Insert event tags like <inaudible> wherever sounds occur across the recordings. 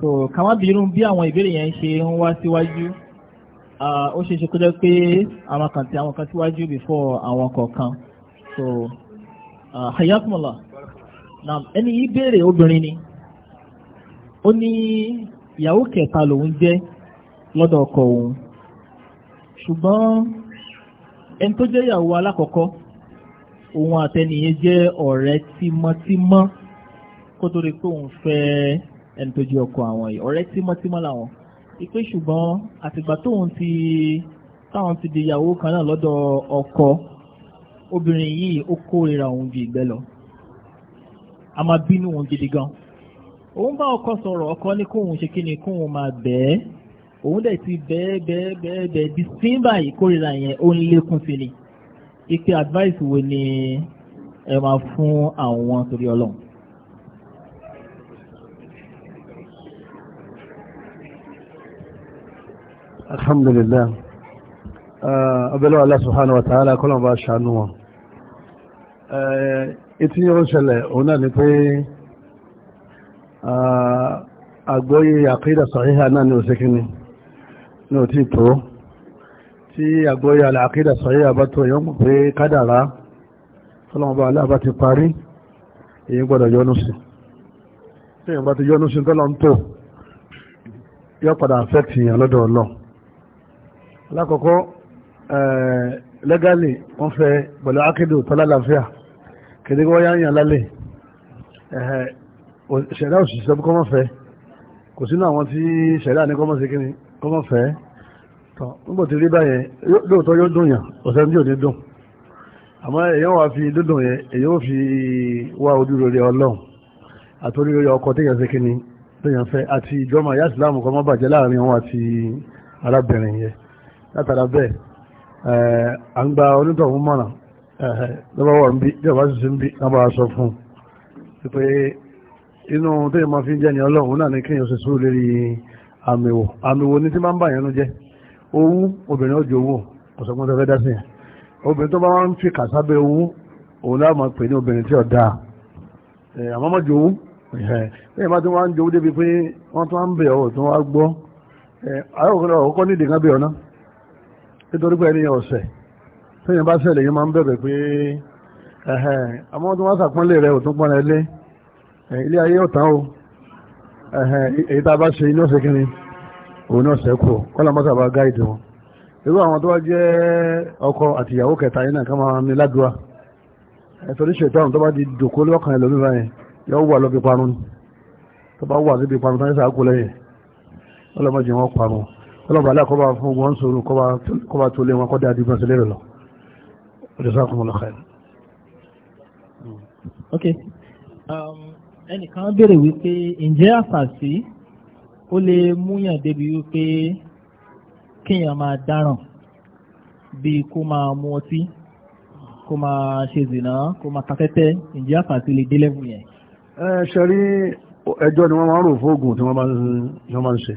so kàmá bínú bí àwọn ìbéèrè yẹn ṣe ń wá síwájú ó ṣe é ṣe kó jẹ́ pé kan ti àwọn kan síwájú before àwọn kọ̀ọ̀kan so hayakumula naam ẹni yìí béèrè obìnrin ni ó ní ìyàwó kẹta lòun jẹ́ lọ́dọ̀ ọkọ òun ṣùgbọ́n ẹni tó jẹ́ ìyàwó alákọ̀ọ́kọ́ òun àtẹnìyẹn jẹ́ ọ̀rẹ́ tímọ́tímọ́ kó tó rí pé òun fẹ́ ẹni tó jẹ́ ọkọ àwọn yìí ọ̀rẹ́ tímọ́tímọ́ làwọn ìpè ṣùgbọ́n àtìgbà tóun ti táwọn ti di ìyàwó kan náà lọ́dọ̀ ọkọ obìnrin yìí ó kórira òun ju ìgbẹ́ lọ a máa bínú òun gidi gan òun bá ọkọ sọ̀rọ̀ ọkọ ní kóun ṣe kí ni kóun máa bẹ́ẹ̀ òun dẹ̀ ti bẹ́ẹ̀ bẹ́ẹ̀ bẹ́ẹ̀ bẹ́ẹ̀ di símbà ìkórira yẹn ó ń lékún sí ni ike advice wo ni ẹ máa fún àwọn torí ọlọ́run. alhamdulillah uh, abẹ́lẹ́ Allah subhanahu wa ta'ala kọ́lọ̀ bá ṣàánú wọn uh, etí yóò ṣẹlẹ̀ òun náà ni pé uh, àgbóyé àkídà sọ̀híhà náà ni òsìkí ni ní òtí tó tí àgbóyé àkídà sọ̀híhà bá tó yọ́n pé kádàrá tọ́lọ́mọba aláàbá ti parí èyí gbọ́dọ̀ yọ́nú sí tí èyàn bá ti yọ́nú sí tọ́lọ́m tó yọ́ padà fẹ́ tìyàn lọ́dọ̀ ọlọ́run alákọ̀ọ́kọ́ eh, lẹ́gàlì wọ́n fẹ́ pẹ̀lú akédò tọ́lá làáfíà kéde kí wọ́n yá yàn lálẹ́ eh, ṣẹ̀dá òṣìṣẹ́ kọ́ mọ́ fẹ́ kò sínú àwọn tí ṣẹ̀dá ní kọ́mọ́ sí kíni kọ́mọ́ fẹ́ tọ́ nígbà tí rí báyẹn lóòótọ́ yóò dùn yàn ọ̀sẹ̀ ní òní dùn àmọ́ èèyàn wà fi dúdùn yẹn èèyàn ò fi wá ojú rere ọlọ́run àtòrí rere ọkọ téèyàn ṣe kíni téèyàn fẹ́ àti ìjọba ìyá ìsìláàmù kan mọ́ bàjẹ́ láàrin wọn àti arábìnrin yẹn látara bẹ́ẹ̀ eh, à ń gba onítọ̀hún mọ̀nà eh, eh, lọ́wọ́ wà ń bí bí ọba ń bí náà sọ fún pé inú tó yẹ máa fi jẹ́ ni ọlọ́run náà ní lórí àmìwò àmìwò ní tí máa ń bà yẹn nu jẹ́ owó obìnrin ọjọ́ owó ọ̀sọ̀gbọ́n tó fẹ́ dá sí yẹn obìnrin tó bá wá ń fi kàsábẹ́ owó òun náà máa pè ní obìnrin tí ọ̀dà àmọ́ mọ́ jowó lẹ́yìn bá tí wọ́n ń jowó débi pé wọ́n tún ń bẹ̀ ọ́ nítorí pé ẹni ọ̀sẹ̀ tẹ́yìn bá ṣẹlẹ̀ yìí máa ń bẹ̀rẹ̀ pé ẹ̀hẹ̀n àmọ́ tó wá sàpọ́nlé rẹ̀ ò tún pọ́n ẹlé ilé ayé ọ̀tán o ẹ̀hẹ̀n èyí tá a bá ṣe ilé ọ̀sẹ̀ kìíní òun náà sẹ́kù kọ́lá mọ́sà bá gáìdì wọn irú àwọn tó wá jẹ́ ọkọ àti ìyàwó kẹta yìí náà ká máa ní ládùúrà ẹ̀tọ́rí ṣètọ́run tó bá di dòkó lọ́kàn ẹlòmí báyẹn yóò wà lọ́bí parun tó bá wà níbi parun tó ń sàákù lẹ́yìn ọlọ́mọdé wọn ọlọ́ba aláàkọ́bà fún wọn sọ̀rọ̀ kọba tó lé wọn kọ́ dáadé bá sílẹ̀ lọ jazakumullahu khair. ok um, ẹnìkan béèrè wípé ǹjẹ́ àfàṣì ó lè múyàn débi wípé kéèyàn máa dáràn bí kó máa mu ọtí kó máa ṣe zìnà kó máa tafẹ́tẹ́ ǹjẹ́ àfàṣì lè dé level yẹn. ẹ ṣe rí ẹjọ́ ni wọ́n máa ń rò fóògùn tí wọ́n máa ń ṣe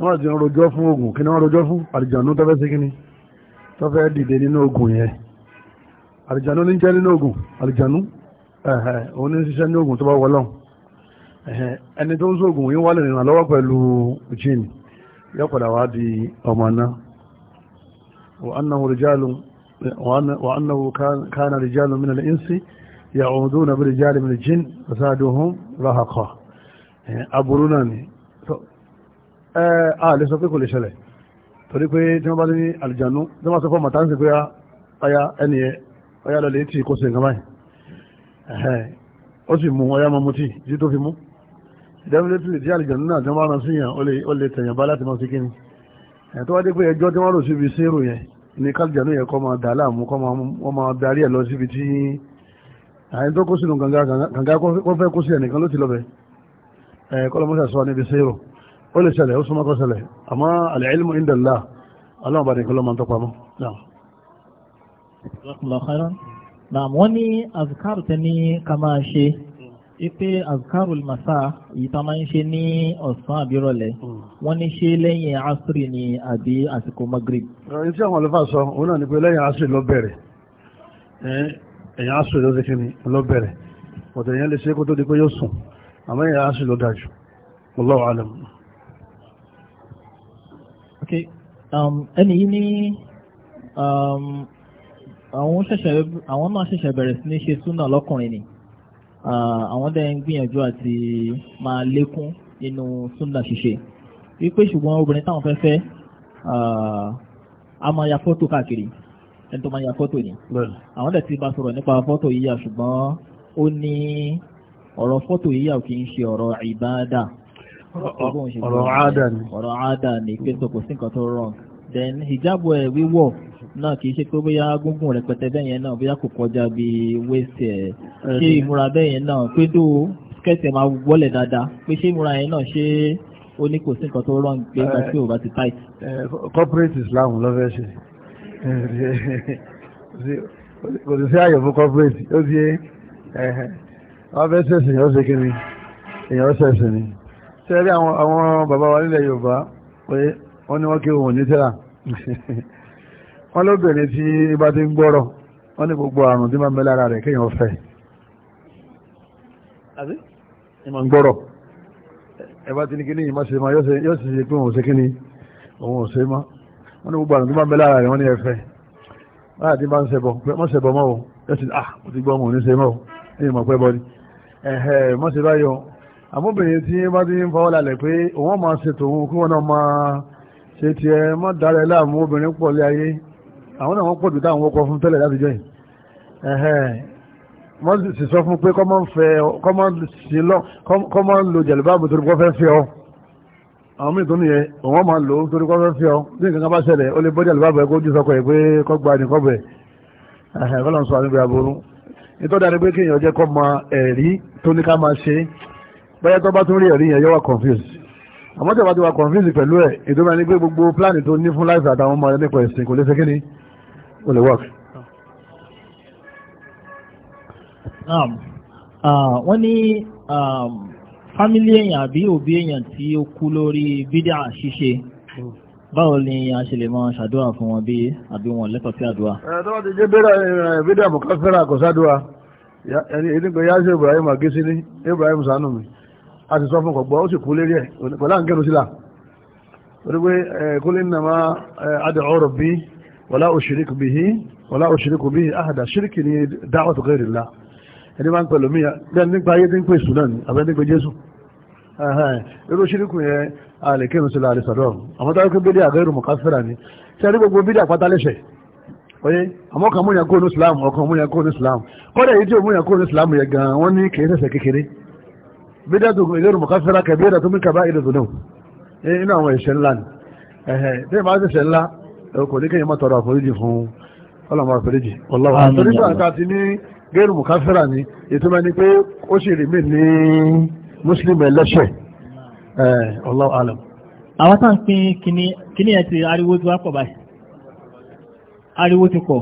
wọ́n ti ń rojọ́ fún oògùn kí ni wọ́n rojọ́ fún àlìjànú tọ́fẹ́ sí kíní tọ́fẹ́ dìde nínú oògùn yẹn àlìjànú ní jẹ́ nínú oògùn àlìjànú òun ní ṣiṣẹ́ ní oògùn tó bá wọlọ́ ẹni tó ń sóògùn yín wálé nìyàn lọ́wọ́ pẹ̀lú jin yóò padà wá di ọmọ náà wa annahu kana rijalun min al-insi ya'uduna bi rijalin min al-jinn fasaduhum rahaqa aburú náà ni Eh, a lè sọ pé kò lè ṣẹlẹ̀ torí pé tí wọ́n bá ní tí wọ́n sọ fún ń pé ah, ẹni lọ lè tì kó nǹkan báyìí ó sì mú tí fi mú tí náà tí wọ́n bá rán ó lè tẹ̀yàn bá láti kíni tó wá dé pé ẹjọ́ tí wọ́n rò síbi sérò yẹn ní kálùjànnú yẹn kọ́ máa dà láàmú kọ́ máa darí ẹ̀ lọ síbi tí àyè tó kó sínú gàngà kó fẹ́ kó sí ẹnìkan ó lè ṣẹlẹ̀ ó súnmọ́ kó ṣẹlẹ̀ àmọ́ al-ilmu inda Allah ọlọ́run bá ní kọ́lọ́ máa ń tọ́pamọ́. naam wọ́n ní azkar tẹ ní ká máa ṣe ipe azkarul masa yìí tá máa ń ṣe ní ọ̀sán àbírọ̀lẹ̀ hmm. wọ́n ní ṣe lẹ́yìn asiri ni àbí àsìkò magrib. ẹni tí àwọn àlùfáà sọ òun náà ni pé lẹ́yìn asiri ló bẹ̀rẹ̀ ẹ̀yìn asiri ló ti kí ni ló bẹ̀rẹ̀ ọ̀tẹ̀ yẹn lè ṣe kó tó di pé yóò sùn àmọ́ ẹ̀yìn asiri ló dájú wallahu alam. Um, ẹni yìí ní um, àwọn ṣẹ̀ṣẹ̀ àwọn náà ṣẹ̀ṣẹ̀ bẹ̀rẹ̀ sí ní ṣe súnà lọ́kùnrin ni uh, àwọn dẹ̀ ń gbìyànjú àti máa lékún nínú súnà ṣíṣe wípé ṣùgbọ́n obìnrin táwọn fẹ́ fẹ́ uh, a máa ya fọ́tò káàkiri ẹni tó máa ya fọ́tò ni àwọn dẹ̀ ti bá sọ̀rọ̀ nípa fọ́tò yíyà ṣùgbọ́n ó ní ọ̀rọ̀ fọ́tò yíyà kì í ṣe ọ̀rọ̀ ìbáadà ọ̀rọ̀ àádà ni. ọ̀rọ̀ àádà ni pé so kò sí nǹkan tó wrong then hijabu ẹ̀ wíwọ̀ náà kì í ṣe pé bóyá gúngùn rẹpẹtẹ bẹ́ẹ̀ yẹn náà bóyá kò kọjá bí waist ẹ̀ ṣé ìmúra bẹ́ẹ̀ yẹn náà pé dó kẹsẹ̀ máa wọlé dáadáa pé ṣé ìmúra yẹn náà ṣé ó ní kò sí nǹkan tó wrong pé nígbà tí ò ti tight. corporate Islam ló fẹ́ ṣe kò sí sí àyè fún corporate ó ti wọ́n fẹ́ ṣẹ̀sìn ó kí ni èèyàn ṣẹ̀sìn ni sẹ́rí àwọn bàbá wa nílẹ̀ Yorùbá pé wọ́n ní wọ́n kí òun ní tẹ́lá <laughs> wọ́n lóbìnrin tí ibà ti ń gbọ́rọ̀ wọ́n ní gbogbo àrùn tí máa ń bẹ lára rẹ̀ kéèyàn fẹ́ àbí ìmọ̀ ń gbọ́rọ̀ ẹ̀bá ti ní kí ní ìmọ̀ ṣe máa yóò sì ṣe pé òun ò ṣe kí ni òun ò ṣe mọ́ wọ́n ní gbogbo àrùn tí máa ń bẹ lára rẹ̀ wọ́n ní bá ń ṣẹbọ mọ́ ṣẹbọ mọ́ o yóò sì ah mo ti gbọ́ mo ní ṣe ní ìmọ̀ pẹ́ bọ́ ni mọ́ ṣe báyọ̀ àmúbìnrin tí bá ti ń fọwọ́ lálẹ̀ pé òun máa ṣe tòun kí wọ́n náà máa ṣe tiẹ̀ mọ́ dára ẹ̀ láàmú obìnrin pọ̀ lé ayé àwọn náà wọ́n pọ̀ jù táwọn wọ́kọ̀ fún tẹ́lẹ̀ láti jọ yìí wọ́n sì sọ fún pé kọ́mọ́ lo jẹ̀lúbáàbù torí kọ́ fẹ́ fẹ́ ọ àwọn míì tó nìyẹn òun máa lò ó torí kọ́ fẹ́ fẹ́ ọ bí nǹkan bá ṣẹlẹ̀ ó lè bọ́ jẹ̀lúbáàbù ẹ̀ kó jù sọkọ̀ ẹ̀ pé kọ́ gba ní kọ́bẹ̀ ẹ̀hẹ̀ fọlọ́n sọ àníbi àbúrú nítorí àdébé kéèyàn jẹ́ kọ́ mọ ẹ̀rí tó ní ká máa ṣe bóyá tó bá tún rí ẹ̀rí yẹn yóò wá confused àmọ́ tí a bá ti wá confused pẹ̀lú ẹ̀ ìdúró ẹni pé gbogbo plan tó ní fún life àtàwọn ọmọ rẹ nípa ẹ̀sìn kò lè ṣe kí ni ó lè work. wọ́n ní family èèyàn àbí òbí èèyàn tí ó kú lórí bídà ṣíṣe báwo ni a ṣe lè máa ṣàdúrà fún wọn bí àbí wọn lẹ́tọ̀ sí àdúrà. ẹ̀ẹ́dọ́ ti jẹ́ bídà mọ̀káfẹ́rà kò sádùá ẹni ìdígbò yá Ibrahim àgẹ́sí ní Ibrahim sànù a ti sọ fún ọgbọ́ ó sì kú lérí ẹ̀ pẹ̀lá ń gẹ́rù sílá orígbé kúlé nàmá adà ọ̀rọ̀ bí wọlá òṣìríkù bí wọlá òṣìríkù bí àhàdà ṣíríkì ní dáwọ̀tò gẹ́rì lá ẹni máa ń pẹ̀lú mí oye àmọ́ kan múyàn kó ní islam ọkàn múyàn kó ní islam kọ́dà èyí tí ò múyàn kó ní islam yẹn gan-an wọ́n ní kì í kékeré bídá tó gbé lérò mọ̀káfẹ́ra kẹbíyàdà tó mú kaba ìlú dùnú inú àwọn ẹ̀ṣẹ̀ ńlá ni ẹ̀hẹ̀ tí ìmọ̀ àti ẹ̀ṣẹ̀ ńlá kò ní kéèyàn má tọrọ àforíjì fún ọlọ́mọ àforíjì ọlọ́wọ́ àtúrí sàn ká ti ní gẹ́rù mọ̀káfẹ́ra ni ètò mẹ́ni pé ó sì rí mí ní muslim ẹlẹ́ṣẹ̀ ọlọ́wọ́ alam. àwọn tá à ń pín kíní ti ariwo tí wàá pọ̀ báyìí ariwo ti pọ̀.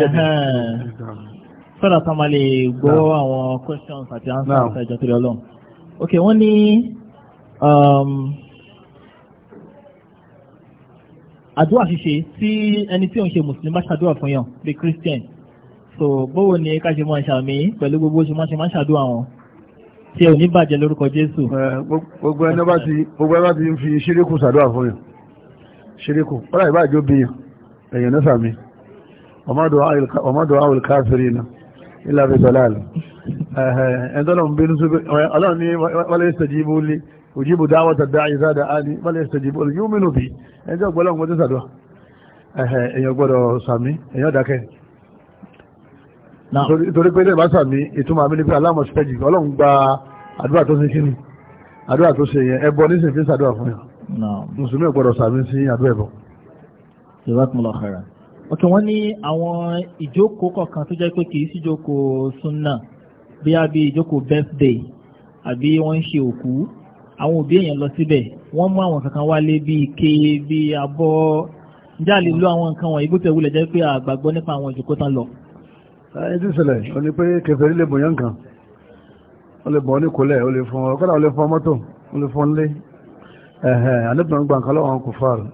ẹ sọ́dọ̀ kan máa lè gbọ́ àwọn questions àti answers ẹ̀jọ̀ tó lọ lọ. ok wọ́n ní um, àdúrà ṣíṣe tí ẹni tí òun ṣe mùsùlùmí bá ṣàdúrà fún yàn bí christian so báwo ni ká ṣe máa ṣàmì pẹ̀lú gbogbo ṣe máa ṣe máa ṣàdúrà wọn tí ò ní bàjẹ́ lórúkọ jésù. gbogbo ẹni bá ti gbogbo ẹni bá ti fi ṣíríkù ṣàdúrà fún yàn ṣíríkù ọ̀rọ̀ ìbáàjọ́ bí yàn èèyàn náà sàmì ọmọdọ̀ àwòlùkáfẹ́rì náà ilá fi dọ̀lá lọ ẹ̀ẹ́dọ́lọ́ ń bínú sí ọlọ́run ní wọ́lẹ̀ ìsẹ̀jìbú lé òjìbù dáwọ́ tàdá ìzáda á ní wọ́lẹ̀ ìsẹ̀jìbú lé yóò mínú bí ẹjọ́ gbọ́lọ́ ń gbọ́dọ̀ sàdọ́ èèyàn gbọ́dọ̀ sàmí èèyàn dákẹ́ torí pé lẹ́yìn ok wọ́n ní àwọn ìjókòó kọ̀ọ̀kan tó jẹ́ pé kì í síjókòó súnà bí a bí ìjókòó birthday àbí wọ́n ń ṣe òkú àwọn òbí èèyàn lọ síbẹ̀ wọ́n mú àwọn kankan wálé bí ike bí abọ́ jáde ló àwọn nǹkan wọ̀nyí bó tẹ̀ wúlẹ̀ jẹ́ pé àgbàgbọ́ nípa àwọn ìjókòó tán lọ. ẹ ti ṣẹlẹ̀ ó ní pé kèfèrí lè bòyán kan ó lè bọ̀ ní kólẹ̀ ó lè fún ọ kọ́dà ó lè fún mọ́tò ó lè fún lé ẹ̀hẹ̀ àdébìnrin gbàǹkan lọ́wọ́ àwọn kò fáàrù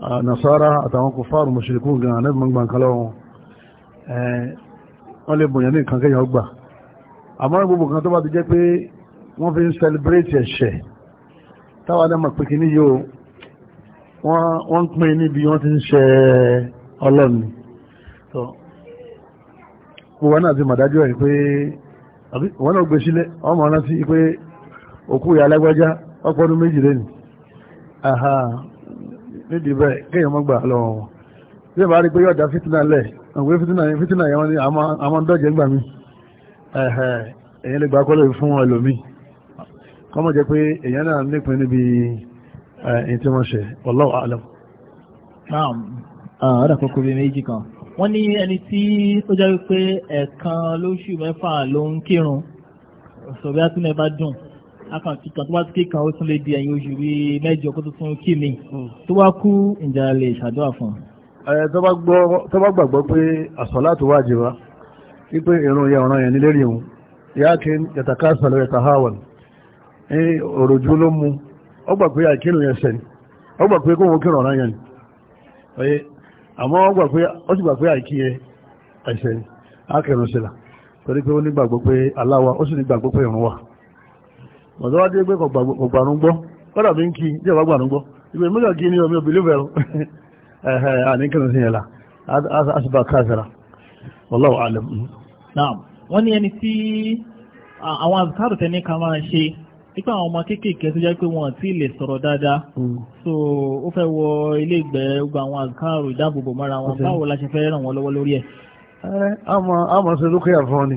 nasara àtàwọn kò fáàrù mọ̀ṣẹ̀lẹ̀kún gan anẹ́bì mọ́ gbàǹkan lọ́wọ́ wọ́n lè bòyàn ní nǹkan kẹ́yàn ọgbà àmọ́ gbogbo kan tó bá ti jẹ́ pé wọ́n fi ń celebrate ẹ̀ṣẹ̀ táwọn adá máa pèkì níyó wọ́n pín níbi wọ́n ti ń ṣe ọlọ́ni gbogbo náà ti màdájọ́ ẹ̀ pé wọ́n náà gbé sílẹ̀ ọmọ rántí pé òkú ìyá alágbájá ọpọ́dún méjì lẹ́nu nídìí bẹ́ẹ̀ kéèyàn mọ́ gbà lọ́wọ́ wọn bí ẹ bá rí pé yóò da fitina lẹ̀ àwọn fitina yẹn fitina yẹn wọ́n ní àmọ́ dọ́jẹ́ gbà mí èyàn lè gba kọ́lẹ̀ fún ẹlòmíì kọ́mọ̀ jẹ́ pé èyàn náà nípin níbi ẹ̀yìn tí wọ́n ṣe wallahu a'lam. ọ̀rọ̀ kókó bíi méjì kan wọ́n ní ẹni tí ó jẹ́ pé ẹ̀ẹ̀kan lóṣù mẹ́fà ló ń kírun sọ̀bí átúnẹ̀ bá dùn aka kí kan tó bá ti ó tún lè di ẹ̀yìn oṣù bíi mẹ́jọ kó tó tún kí mi hmm. tó bá kú ìjà lè ṣàdúrà fún ẹ tó bá gbàgbọ́ pé àsọ̀látù wájìbà wípé ìrun yẹn ọ̀ràn yẹn ní lérí òun ìyá kí yàtàká sàlọ̀ yàtà hàwọ̀n ní òròjú ló mu ó gbà pé àìkírun yẹn sẹ́ni ó gbà pé kóhun ni àmọ́ ó sì gbà pé ọ̀dọ́ wá dé pé kò gbàrún gbọ́ kọ́dà bí ń kí bí ọ̀bá ni ẹni tí àwọn àzùkárù tẹ́ ní ká máa ṣe nípa àwọn ọmọ kéékèèké tó jẹ́ pé wọ́n ti lè sọ̀rọ̀ dáadáa hmm. so ó fẹ́ wọ ilé àwọn wọn fẹ́ ràn wọ́n lọ́wọ́ lórí ẹ̀. Eh,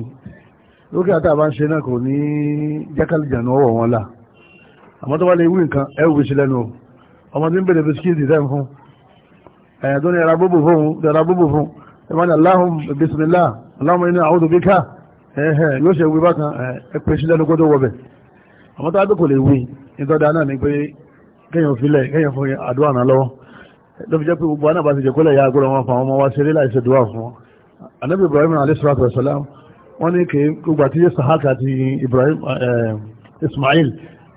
lókè àtàbà ń ṣe náà kò ní jákàlìjànú ọwọ́ wọn là àmọ́ tó wá lè wí nǹkan ẹ wù sí lẹ́nu ọmọ tí ń bèrè bisikíìtì tẹ́ fún ẹ̀yà tó ní ẹ̀rà bóbò fún ẹ̀rà bóbò fún ẹ̀mọ́ ní aláhùn bisimilá aláhùn inú àwọn òbí ká ẹ̀hẹ̀ yóò ṣe wí bákan ẹ pè sí lẹ́nu kó tó wọbẹ̀ àmọ́ tó wá kò lè wí ìtọ́jà náà ni pé kéèyàn filẹ̀ kéèyàn fún àdúrà náà lọ́wọ́ ló jẹ́ pé gbogbo anábàá ti jẹ́ kólẹ̀ ya agbọ́dọ̀ wọn fún àwọn ọmọ wa ṣeré láìṣe dùwà fún wọn wọ́n ní kí gbogbo àti Ishaq àti Ibrahim eh, Ismail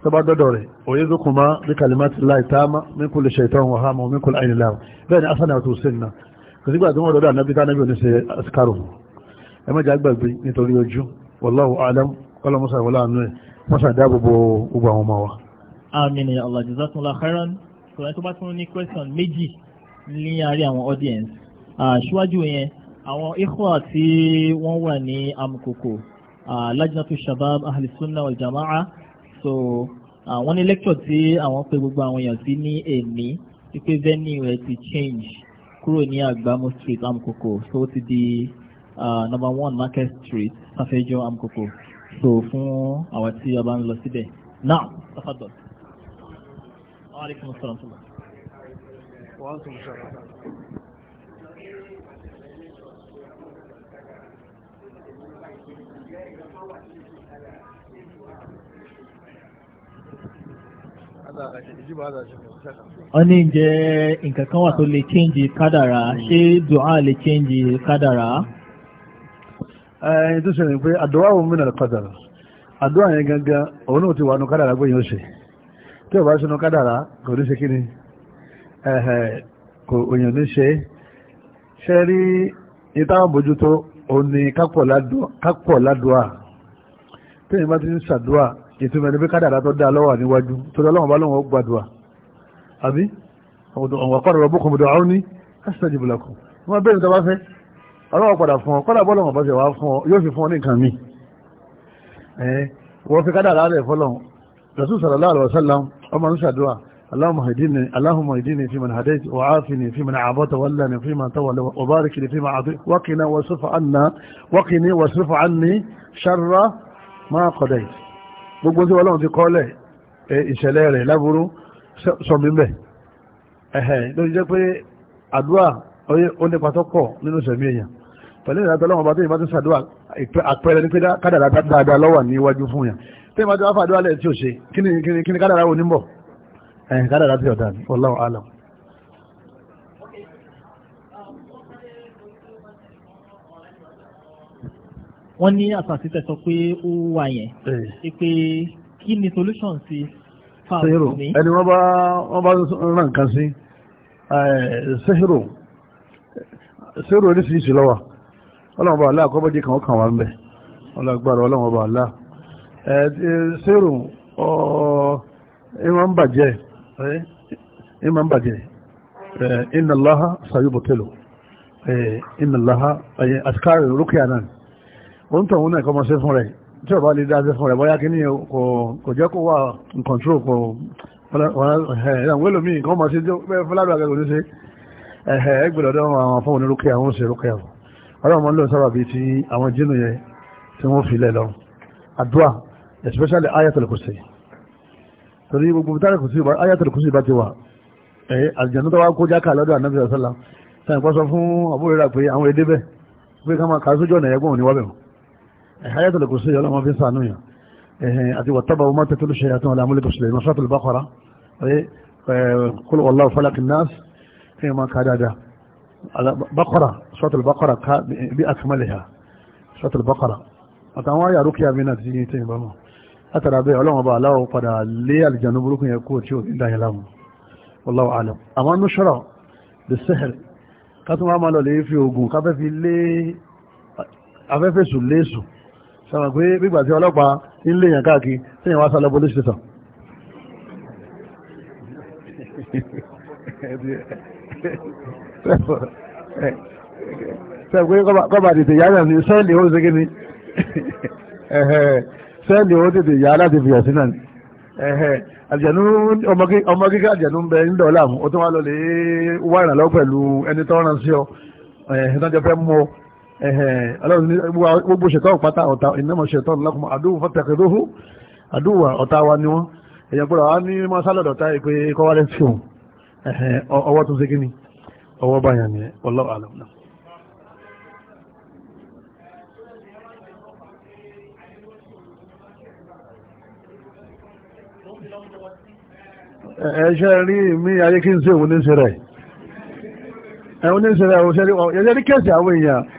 tọba dọ́dọ̀ rẹ̀ òye zukun ma bí kalimati láì táàmà min kulli shaitan wa hama min kulli ayin láwọ̀ bẹ́ẹ̀ ni asana àti hussein náà kò sígbà tí wọ́n dọ́dọ̀ ànábi tá ànábi oníṣe asikaro ẹ má jà gbàgbé nítorí ojú wallahu alam kọ́lá musa wọlá àánú ẹ̀ musa dáàbò bo gbogbo àwọn ọmọ wa. amin ya allah jazakumullah khairan kò ẹni tó bá tún ní question méjì ní àárín àwọn audience ṣíwájú ah, yẹn àwọn ikhwa tí wọ́n wà ní amukoko lajnatu shabab ahli sunna wal jama'a so àwọn ní lecture tí àwọn pè gbogbo àwọn èèyàn sí ní èmi wípé venue ẹ ti change kúrò ní àgbàmú street amukoko so ó ti di number one market street safejo amukoko so fún àwọn tí a bá ń lọ síbẹ̀ now tafadol. wa alaikum assalam. wa alaikum assalam. wọ́n ní jẹ́ nǹkan kan wà tó lè change kádàrá ṣé dùá lè change kádàrá. ẹni tó ṣẹlẹ̀ pé àdúrà òun mìíràn kádàrá àdúrà yẹn gangan òun náà ti wà nù kádàrá pé yóò ṣe tí ò bá ṣe nù kádàrá kò ní ṣe kí ni kò òyìn ní ṣe ṣe rí ìtàwọn bójútó òun ni kápọ̀ ládùá tí bá ti ń ṣàdúà ìtumọ̀ ní pé kádàrá tó dá lọ́wọ́ níwájú tó dá lọ́wọ́ bá lọ́wọ́ gbàdùà àbí ọ̀wọ̀kọ́rọ̀ rọ̀bù kọmọdọ̀ àwọn ní ẹ̀sìtẹ́jì bùlọ̀kù wọ́n bẹ̀rẹ̀ tó bá fẹ́ ọlọ́wọ́ padà fún ọ kọ́dà bọ́lọ̀ bá ṣe wá fún ọ yóò fi fún ọ ní nǹkan mi wọ́n fi kádàrá rẹ̀ fọ́lọ̀ rasul sallallahu alaihi wasallam ọmọ ń ṣàdúrà allahumma hadini allahumma hadini fi ma ati gbogbo tí ọlọ́run ti kọ́lẹ̀ ìṣẹ̀lẹ̀ rẹ̀ láburú sọmi mẹ́ ẹ̀hẹ̀ ló ti jẹ́ pé àdúrà ó nípa tó pọ̀ nínú sẹ̀mí èèyàn pẹ̀lú ìrìnàjò ọlọ́run ọba tó yìnbá tó sàdúrà àpẹẹrẹ ní pé kádàrà dáadáa lọ́wà níwájú fún yàn tí ìbá tó wá fàdúrà lẹ̀ tí ò ṣe kí ni kádàrà wo ní bọ̀ kádàrà tí ọ̀dà ni wallahu alam wọ́n ní àtàtítẹ̀ sọ pé ó wà yẹn ṣe pé kí ni solution sí fáwọn òní. ẹni wọ́n bá wọ́n bá ràn kan sí sẹ́hìrò sẹ́hìrò oríṣiríṣi lọ́wọ́ ọlọ́run bá aláà kọ́ kan ó kàn wá ń bẹ̀ ọlọ́gbàrá ọlọ́run bá aláà sẹ́hìrò bàjẹ́ ìmọ̀ bàjẹ́ rúkìá náà òun tọ̀ òun náà kọ́ mọ́ sí fún rẹ̀ tí ọba lè dáa sí fún rẹ̀ bóyá kí ní kò jẹ́ kó wà in control kò ẹ̀hẹ̀n wẹ́lò míì kọ́ mọ́ sí fúlàdù àgẹ́gẹ́ oníṣe ẹ̀hẹ̀ ẹgbẹ̀rẹ̀ ọdọ́ àwọn fún onírúkẹ́ àwọn òṣèré rúkẹ́ ọ̀ ọlọ́run mọ́ lọ sábà bíi ti àwọn jínú yẹn tí wọ́n fi lẹ̀ lọ àdúrà especially ayatul kursi torí gbogbo ayatul kursi bá ti wà àjẹ̀nú tó wá kó jákà lọ́dọ̀ ànábì sallallahu alaihi wasallam sọ fún àbúrò rẹ̀ pé àwọn èdè bẹ́ẹ̀ pé ká máa kà sójú ọ̀nà ẹ̀gbọ́n òní wọ́bẹ̀ wọn ayatul kursi ọlọ́mọ fi ń sànú yàn àti wàtábà ọmọ tẹ́tọ́lù ṣe àti ọ̀là amúlẹ̀ bùsùlẹ̀ ìmọ̀ sọ́tò bákọ́ra kúlù wọ́lá falaki nas kí ni ma ka dáadáa bákọ́ra sọ́tò bákọ́ra ká bí akímọ̀lẹ̀ ha sọ́tò bákọ́ra àtàwọn ayà rúkìá mi náà ti yín tẹ́yìn bámu látara bẹ́ẹ̀ ọlọ́wọ́n bá aláwọ̀ padà lé àlìjánu burúkú yẹn kú tí ò ní dáyẹ láàmú wallahu alam àmọ́ nú ṣọ́rọ̀ the sehel kátó máa lọ lè fi oògùn káfẹ́ fi lé afẹ́fẹ́ sùn léṣùn sọ̀rọ̀ pé gbígbà tí ọlọ́pàá ń lè yàn káàkiri tí èèyàn wá sá lọ police station. sọ̀rọ̀ pé tètè yá náà ní sẹ́ẹ̀lì ó ṣe kíni sẹ́ẹ̀lì ó tètè yá láti fìyà sí náà àjẹ̀nú ọmọ kíkẹ́ àjẹ̀nú ń bẹ ń dọ̀ọ́lá ó tún wá lọ lè wá ìrànlọ́wọ́ pẹ̀lú ẹni tó sí ọ ẹ̀ẹ́dọ́jọ́ fẹ́ mú ọ ọlọ́run ní gbogbo ṣètọ́ pátá ọ̀tá ìnáwó ṣètọ́ lakum àdúgbò fọ́tẹ̀kẹ́dóhù àdúgbò ọ̀tá wa ni wọ́n èyàn gbọ́dọ̀ wá ní máa sálọ̀dọ̀ tá ìpé kọ́wálẹ̀ sí òun ọwọ́ tó ṣe kí ni ọwọ́ báyà ni wallahu alam náà ẹ̀ṣẹ́ rí mí ayé kí n sí òun ní ṣe rẹ̀ ẹ̀hún ní ṣe rẹ̀ òṣèré kẹ́sì àwọn èèyàn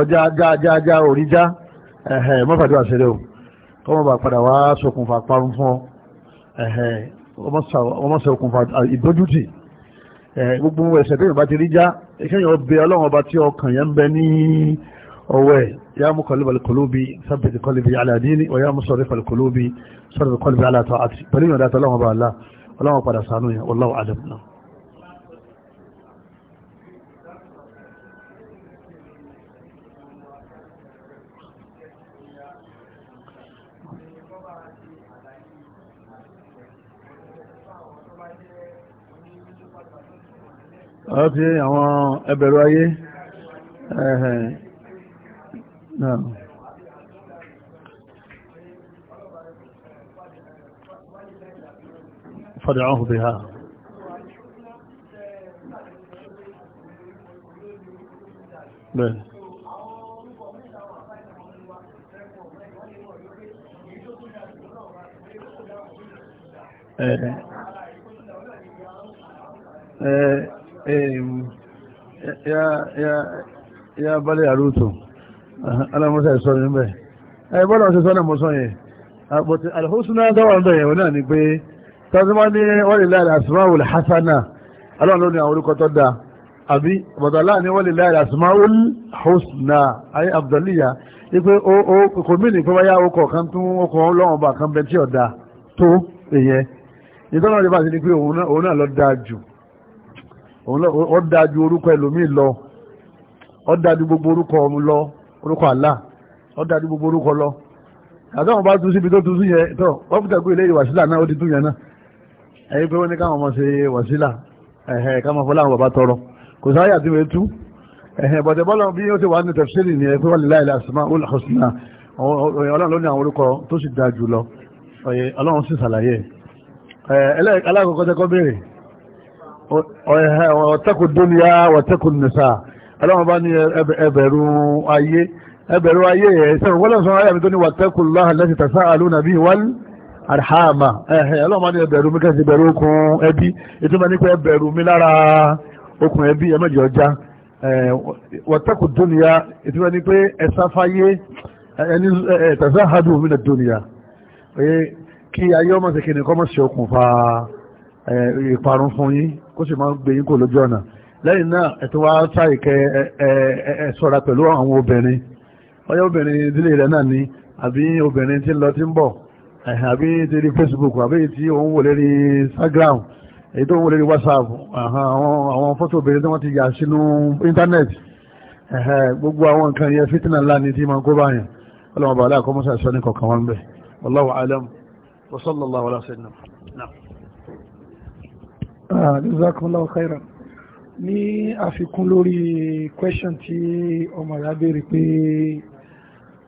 ọjà ajá ajá ajá òríjá ẹ̀hẹ̀ mọ́fàdúrà ṣẹlẹ̀ o kọ́mọ bá padà wá ṣokùnfà parun fún ọ ẹ̀hẹ̀ ọmọ ṣokùnfà ìdójútì gbogbo ẹ̀ṣẹ̀ tó yìnbá ti rí já ìkẹyìn ọbẹ̀ ọlọ́run ọba tí ọkàn yẹn ń bẹ ní ọwọ́ ẹ̀ ya mú kọlùbà kọlùbì sábẹ̀tì kọlùbì aládìní ọ̀yá mú sọ̀rọ̀ ìfàlù kọlùbì sọ̀rọ̀ kọlùbì alátọ̀ àti pẹ̀lú ìyọ̀dá tọ́lọ́run ọba àlá ọlọ́run padà sànú yẹn wallahu alam ọ̀rọ̀ tí àwọn ẹbẹ̀rù ayé ẹ̀hẹ̀ náà fad'uhu biha Eh, ya balẹ̀ ya alamọ́sá ìsọ́ ní bẹ̀ ẹ bọ́lá ọ̀sẹ̀ sọ́nà mọ́sán yẹn àpótí alhúsùnà dáwà bẹ̀ yẹn náà ni pé ní eh, hasana aláwọ̀ ní àwọn àbí láàrín ayé abdulliya kò mí ní pé wáyá ọkọ̀ kan tún ọkọ̀ bá kan tí ọ̀dà tó èyẹ ìtọ́nà ó dájú orúkọ ẹlòmíì lọ ó dájú gbogbo orúkọ lọ orúkọ Allah ó dájú gbogbo orúkọ lọ àtàwọn bá tún síbi tó tún sí yẹn tó wọ́n fi ilé ìwàsílà náà ó ti tún yẹn náà ẹ̀yin pé wọ́n ní káwọn ọmọ ṣe wàsílà káwọn tọrọ kò tú bọ̀dẹ̀ bọ́lá bí ó ti wà ní ni ẹ̀ pé wọ́n lè ọlọ́run ló ní ọ̀tẹ́kù dúnìyà ọ̀tẹ́kù nìsà ọlọ́run bá ní ẹbẹ̀rù ayé ẹbẹ̀rù ayé ẹ̀ sẹ́wọ̀n wọ́n lọ́sọ̀rọ̀ ayé mi tó ní wàtẹ́kù láhà lẹ́sì tàṣà àlùnà bíi wọ́n àdáhàmà ẹ̀hẹ̀ ọlọ́run bá ní ẹbẹ̀rù mi kẹ́sì bẹ̀rù okùn ẹbí ìtumọ̀ nípa ẹbẹ̀rù mi lára okùn ẹbí ẹmẹ́jì ọjà wàtẹ́kù dúnìyà ìtumọ̀ nípa ẹ̀sáfáyé tàṣà àdùn mi nà dúnìyà kí ayé ọmọ kó sì máa ń gbé yín kò lójú ọ̀nà lẹ́yìn náà ẹ̀tọ́ wá sáì kẹ ẹ sọ̀ra pẹ̀lú àwọn obìnrin ọyọ obìnrin ìdílé rẹ̀ náà ni àbí obìnrin tí lọ tí ń bọ̀ àbí ti rí Facebook àbí ti òun wò lérí Instagram èyí tó ń wò lérí WhatsApp àwọn fọ́tò obìnrin tí wọ́n ti yà sínú internet gbogbo àwọn nǹkan yẹn ńlá ni máa kó báyàn ọlọ́mọba sọ ní kọ̀ọ̀kan wọn bẹ̀ Ah, jazakumullahu khairan ní àfikún lórí question tí ọmọ rẹ̀ béèrè pé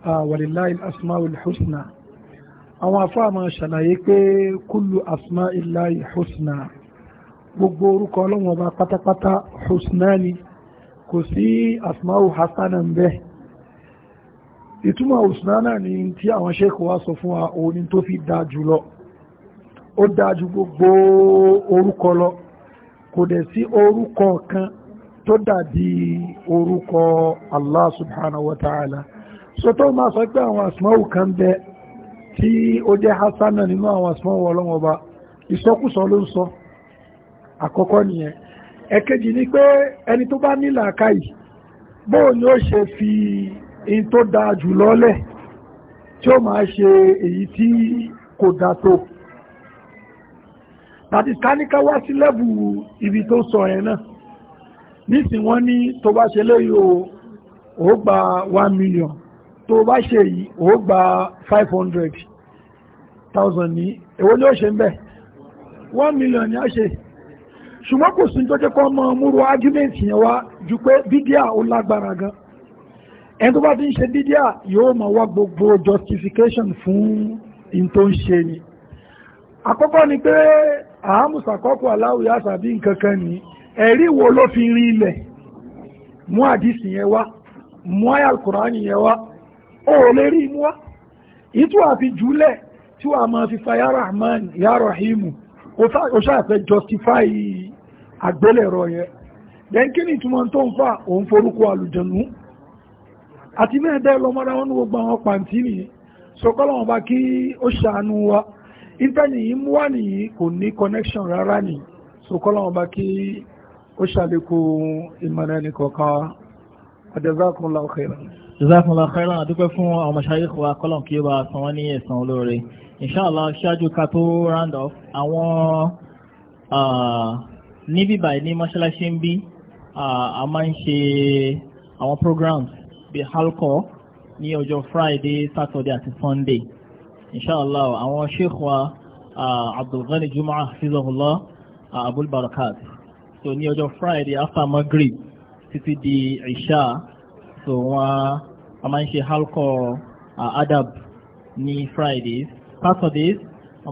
ah, walillahi asmaul husna àwọn afáà máa ṣàlàyé pé kullu asma'illahi husna gbogbo orúkọ ọlọ́wọ́n ọba pátápátá husna ni kò sí asma'u hasana ń bẹ́ẹ̀ ìtumọ̀ husna náà ni tí àwọn sheikh wa sọ fún wa òun tó fi dáa jùlọ ó dájú gbogbo orúkọ lọ kò dẹ̀ sí orúkọ kan tó dàbí orúkọ Allah subhanahu wa ta'ala so tó máa sọ pé àwọn asmau kan bẹ tí ó jẹ́ hasana nínú àwọn asmau ọlọ́wọ́ bá ìsọkúsọ ló ń sọ àkọ́kọ́ nìyẹn ẹ̀kejì ni pé ẹni tó bá ní làákàyè bóò ni ó ṣe fi in tó dáa jù lọ́lẹ̀ tí ó máa ṣe èyí tí kò dáa tó tàbí káníká wá sí lẹ́bù ibi tó sọ ẹ̀ náà nísìn wọ́n ní tó bá ṣe lé yóò ó gba one million tó bá ṣe yìí ó gba five hundred thousand ní èwo ni ṣe ń bẹ̀ one million ni a ṣe ṣùgbọ́n kò sí tó jẹ́ kọ́ mọ́ múrò argument yẹn wá ju pé bídíà ó lágbára gan ẹni tó bá ti ń ṣe bídíà yóò máa wá gbogbo justification fún in tó ń ṣe ni àkọ́kọ́ ni pé àámùsàkọ́kọ́ aláwòyá àsàbí nkankan ni ẹ̀rí wo ló fi rí ilẹ̀ mú àdìsí yẹn wá mú àyà yẹn wá ó lè rí mú wá ìtú àfi jùlẹ̀ tí wàá máa fi fa ya rahman ya rahimu ó ṣàfẹ́ justify àgbélẹ̀rọ yẹn tó ń òun forúkọ wa. ìfẹ́ nìyí mú wá nìyí kò ní connection rárá nìyí so kọ́lọ́wọ́n bá kí ó ṣàlékò ìmọ̀ràn ẹnì kọ̀ọ̀kan jazakumullahu khairan. jazakumullahu khairan àdúpẹ́ fún àwọn mashayikh wa kọ́lọ̀ kí ó bá san wọ́n ní ẹ̀san olóore inshallah ṣáájú ká tó round off àwọn níbí báyìí ní mọ́ṣáláṣí ń bí a máa ń ṣe àwọn programs bíi halkọ ní ọjọ́ friday saturday àti sunday inṣáàlá àwọn sheikh wa uh, abdulghani juma fizahullah uh, abul barakat so ní ọjọ́ friday after maghrib títí di isha so wọ́n a máa ń ṣe halkọ uh, adab ní fridays saturdays